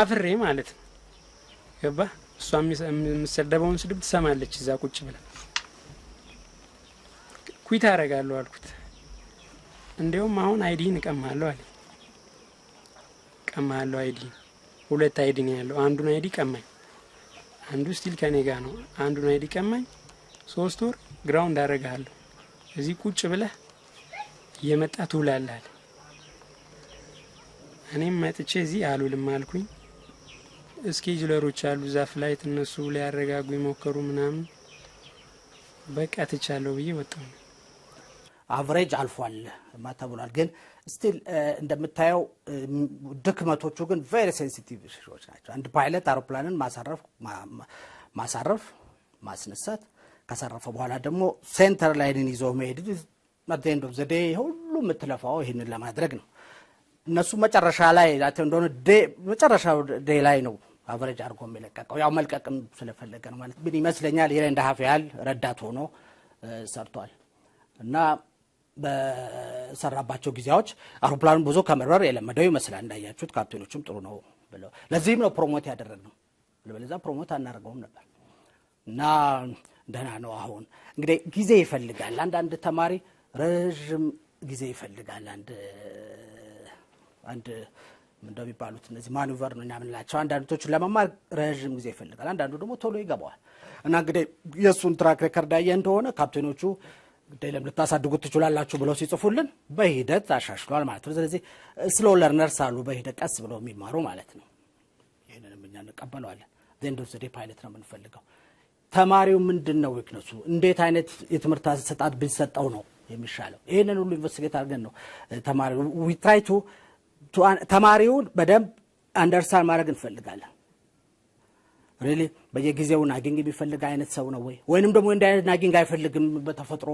አፍሬ ማለት ነው። ገባ እሷ የምሰደበውን ስድብ ትሰማለች። እዛ ቁጭ ብላ ኩት አደርጋለሁ አልኩት። እንዲሁም አሁን አይዲን እቀማለሁ አለ። ቀማለሁ አይዲህን ሁለት አይዲ ነው ያለው። አንዱን አይዲ ቀማኝ፣ አንዱ ስቲል ከኔ ጋር ነው። አንዱን አይዲ ቀማኝ። ሶስት ወር ግራውንድ አደርግሃለሁ እዚህ ቁጭ ብለህ እየመጣ ትውላለህ አለ። እኔም መጥቼ እዚህ አሉልም አልኩኝ። እስኬጅለሮች አሉ ዛፍ ላይ እነሱ ሊያረጋጉ ይሞከሩ ምናምን በቃ ትቻለሁ ብዬ ወጣሁ። አቨሬጅ አልፏል ማ ተብሏል። ግን ስቲል እንደምታየው ድክመቶቹ ግን ቬሪ ሴንሲቲቭ ሽሮች ናቸው። አንድ ፓይለት አውሮፕላንን ማሳረፍ፣ ማስነሳት ከሰረፈ በኋላ ደግሞ ሴንተር ላይንን ይዞ መሄድ ዘዴ ሁሉ የምትለፋው ይህንን ለማድረግ ነው። እነሱ መጨረሻ ላይ እንደሆነ መጨረሻ ዴ ላይ ነው አቨሬጅ አድርጎ የሚለቀቀው ያው መልቀቅም ስለፈለገ ነው ማለት ግን ይመስለኛል። ይሄ እንደ ሀፍ ያህል ረዳት ሆኖ ሰርቷል እና በሰራባቸው ጊዜያዎች አውሮፕላኑን ብዙ ከመብረር የለመደው ይመስላል። እንዳያችሁት ካፕቴኖችም ጥሩ ነው ብለው ለዚህም ነው ፕሮሞት ያደረግነው። ለዛ ፕሮሞት አናደርገውም ነበር እና ደህና ነው። አሁን እንግዲህ ጊዜ ይፈልጋል። አንዳንድ ተማሪ ረዥም ጊዜ ይፈልጋል አንድ አንድ እንደሚባሉት እነዚህ ማኑቨር ነው የምንላቸው አንዳንዶቹን ለመማር ረዥም ጊዜ ይፈልጋል። አንዳንዱ ደግሞ ቶሎ ይገባዋል። እና እንግዲህ የእሱን ትራክ ሬከርድ አየህ እንደሆነ ካፕቴኖቹ ደለም ልታሳድጉት ትችላላችሁ ብለው ሲጽፉልን በሂደት አሻሽሏል ማለት ነው። ስለዚህ ስሎ ለርነርስ አሉ በሂደት ቀስ ብለው የሚማሩ ማለት ነው። ይህንንም እኛ እንቀበለዋለን። ዘንድ ዘዴ ፓይለት ነው የምንፈልገው። ተማሪው ምንድን ነው ዊክነሱ፣ እንዴት አይነት የትምህርት አሰጣጥ ብንሰጠው ነው የሚሻለው? ይህንን ሁሉ ኢንቨስቲጌት አድርገን ነው ተማሪው ዊትራይቱ ተማሪውን በደንብ አንደርስታንድ ማድረግ እንፈልጋለን። ሪሊ በየጊዜው ናጊንግ የሚፈልግ አይነት ሰው ነው ወይ? ወይንም ደግሞ እንደ አይነት ናጊንግ አይፈልግም። በተፈጥሮ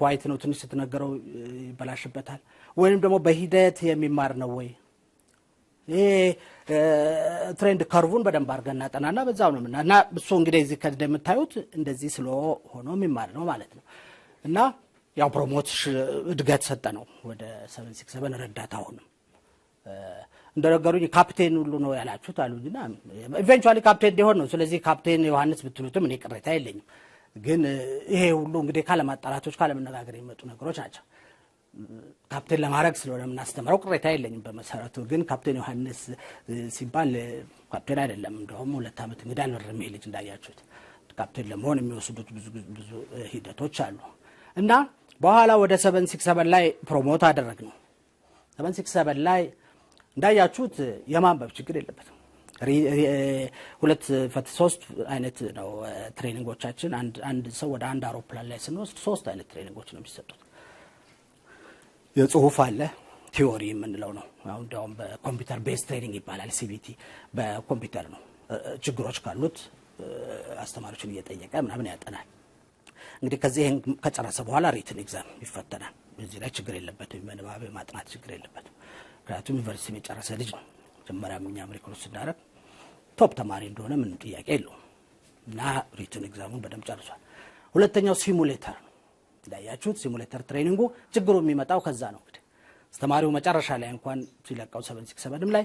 ኳይት ነው፣ ትንሽ ስትነገረው ይበላሽበታል። ወይንም ደግሞ በሂደት የሚማር ነው ወይ? ይሄ ትሬንድ ከርቡን በደንብ አድርገን እናጠናና በዛው ነው ምና እና እሱ እንግዲህ እዚህ ከድ የምታዩት እንደዚህ ስሎ ሆኖ የሚማር ነው ማለት ነው እና ያው ፕሮሞት እድገት ሰጠ ነው ወደ 767 ረዳት አሁንም እንደነገሩኝ ካፕቴን ሁሉ ነው ያላችሁት አሉኝና ኢቨንቹዋሊ ካፕቴን ሊሆን ነው። ስለዚህ ካፕቴን ዮሐንስ ብትሉትም እኔ ቅሬታ የለኝም። ግን ይሄ ሁሉ እንግዲህ ካለማጣራቶች ካለመነጋገር የሚመጡ ነገሮች ናቸው። ካፕቴን ለማድረግ ስለሆነ የምናስተምረው ቅሬታ የለኝም። በመሰረቱ ግን ካፕቴን ዮሐንስ ሲባል ካፕቴን አይደለም። እንደውም ሁለት ዓመት እንግዲህ አልበርም ይሄ ልጅ እንዳያችሁት ካፕቴን ለመሆን የሚወስዱት ብዙ ሂደቶች አሉ እና በኋላ ወደ ሰቨን ሲክስ ሰቨን ላይ ፕሮሞት አደረግ ነው ሰቨን ሲክስ ሰቨን ላይ እንዳያችሁት የማንበብ ችግር የለበትም። ሶስት አይነት ነው ትሬኒንጎቻችን። አንድ ሰው ወደ አንድ አውሮፕላን ላይ ስንወስድ ሶስት አይነት ትሬኒንጎች ነው የሚሰጡት። የጽሁፍ አለ ቲዎሪ የምንለው ነው። አሁን እንዲያውም በኮምፒውተር ቤዝ ትሬኒንግ ይባላል። ሲቢቲ በኮምፒውተር ነው። ችግሮች ካሉት አስተማሪዎችን እየጠየቀ ምናምን ያጠናል። እንግዲህ ከዚህ ከጨረሰ በኋላ ሪትን ኤግዛም ይፈተናል። እዚህ ላይ ችግር የለበትም። በንባብ ማጥናት ችግር የለበትም። ምክንያቱም ዩኒቨርሲቲ የጨረሰ ልጅ ነው። መጀመሪያም እኛም ሪክሩት ስናደርግ ቶፕ ተማሪ እንደሆነ ምንም ጥያቄ የለውም እና ሪትን ኤግዛሙን በደንብ ጨርሷል። ሁለተኛው ሲሙሌተር ነው። እንዳያችሁት ሲሙሌተር ትሬኒንጉ ችግሩ የሚመጣው ከዛ ነው። እንግዲህ አስተማሪው መጨረሻ ላይ እንኳን ሲለቀው ሰቨን ሲክስ ሰቨንም ላይ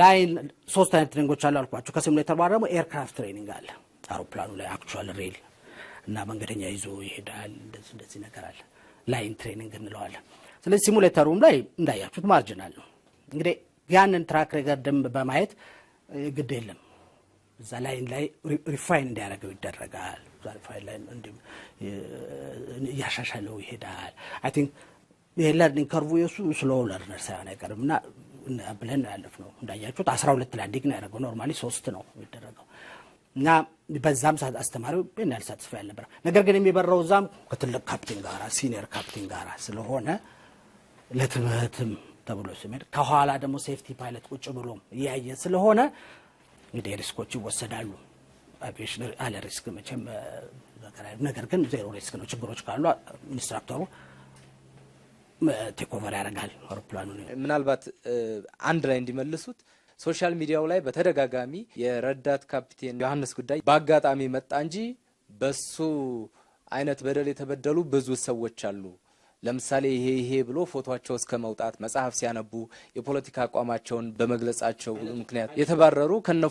ላይን ሶስት አይነት ትሬኒንጎች አሉ አልኳችሁ። ከሲሙሌተር በኋላ ደግሞ ኤርክራፍት ትሬኒንግ አለ። አውሮፕላኑ ላይ አክቹዋል ሬል እና መንገደኛ ይዞ ይሄዳል። እንደዚህ እንደዚህ ነገር አለ። ላይን ትሬኒንግ እንለዋለን። ስለዚህ ሲሙሌተሩም ላይ እንዳያችሁት ማርጅናል ነው። እንግዲህ ያንን ትራክ ሬከርድ ደንብ በማየት ግድ የለም እዛ ላይን ላይ ሪፋይን እንዲያደርገው ይደረጋል። ሪፋይን ላይ እንዲሁም እያሻሻለው ይሄዳል። አይ ቲንክ ይሄ ለርኒንግ ከርቡ የሱ ስሎ ለርነር ሳይሆን አይቀርም እና ብለን ያለፍ ነው እንዳያችሁት አስራ ሁለት ላንዲንግ ነው ያደረገው። ኖርማሊ ሶስት ነው የሚደረገው እና በዛም ሰዓት አስተማሪው ን ያልሳትስፋ ያልነበረ ነገር ግን የሚበረው እዛም ከትልቅ ካፕቴን ጋራ ሲኒየር ካፕቴን ጋራ ስለሆነ ለትምህርትም ተብሎ ሲሄድ ከኋላ ደግሞ ሴፍቲ ፓይለት ቁጭ ብሎ እያየ ስለሆነ እንግዲህ ሪስኮች ይወሰዳሉ። አቪዬሽን አለ ሪስክ መቼም፣ ነገር ግን ዜሮ ሪስክ ነው። ችግሮች ካሉ ኢንስትራክተሩ ቴኮቨር ያደርጋል አውሮፕላኑ። ምናልባት አንድ ላይ እንዲመልሱት ሶሻል ሚዲያው ላይ በተደጋጋሚ የረዳት ካፕቴን ዮሐንስ ጉዳይ በአጋጣሚ መጣ እንጂ በሱ አይነት በደል የተበደሉ ብዙ ሰዎች አሉ ለምሳሌ ይሄ ይሄ ብሎ ፎቶቸው እስከ መውጣት መጽሐፍ ሲያነቡ የፖለቲካ አቋማቸውን በመግለጻቸው ምክንያት የተባረሩ ከነ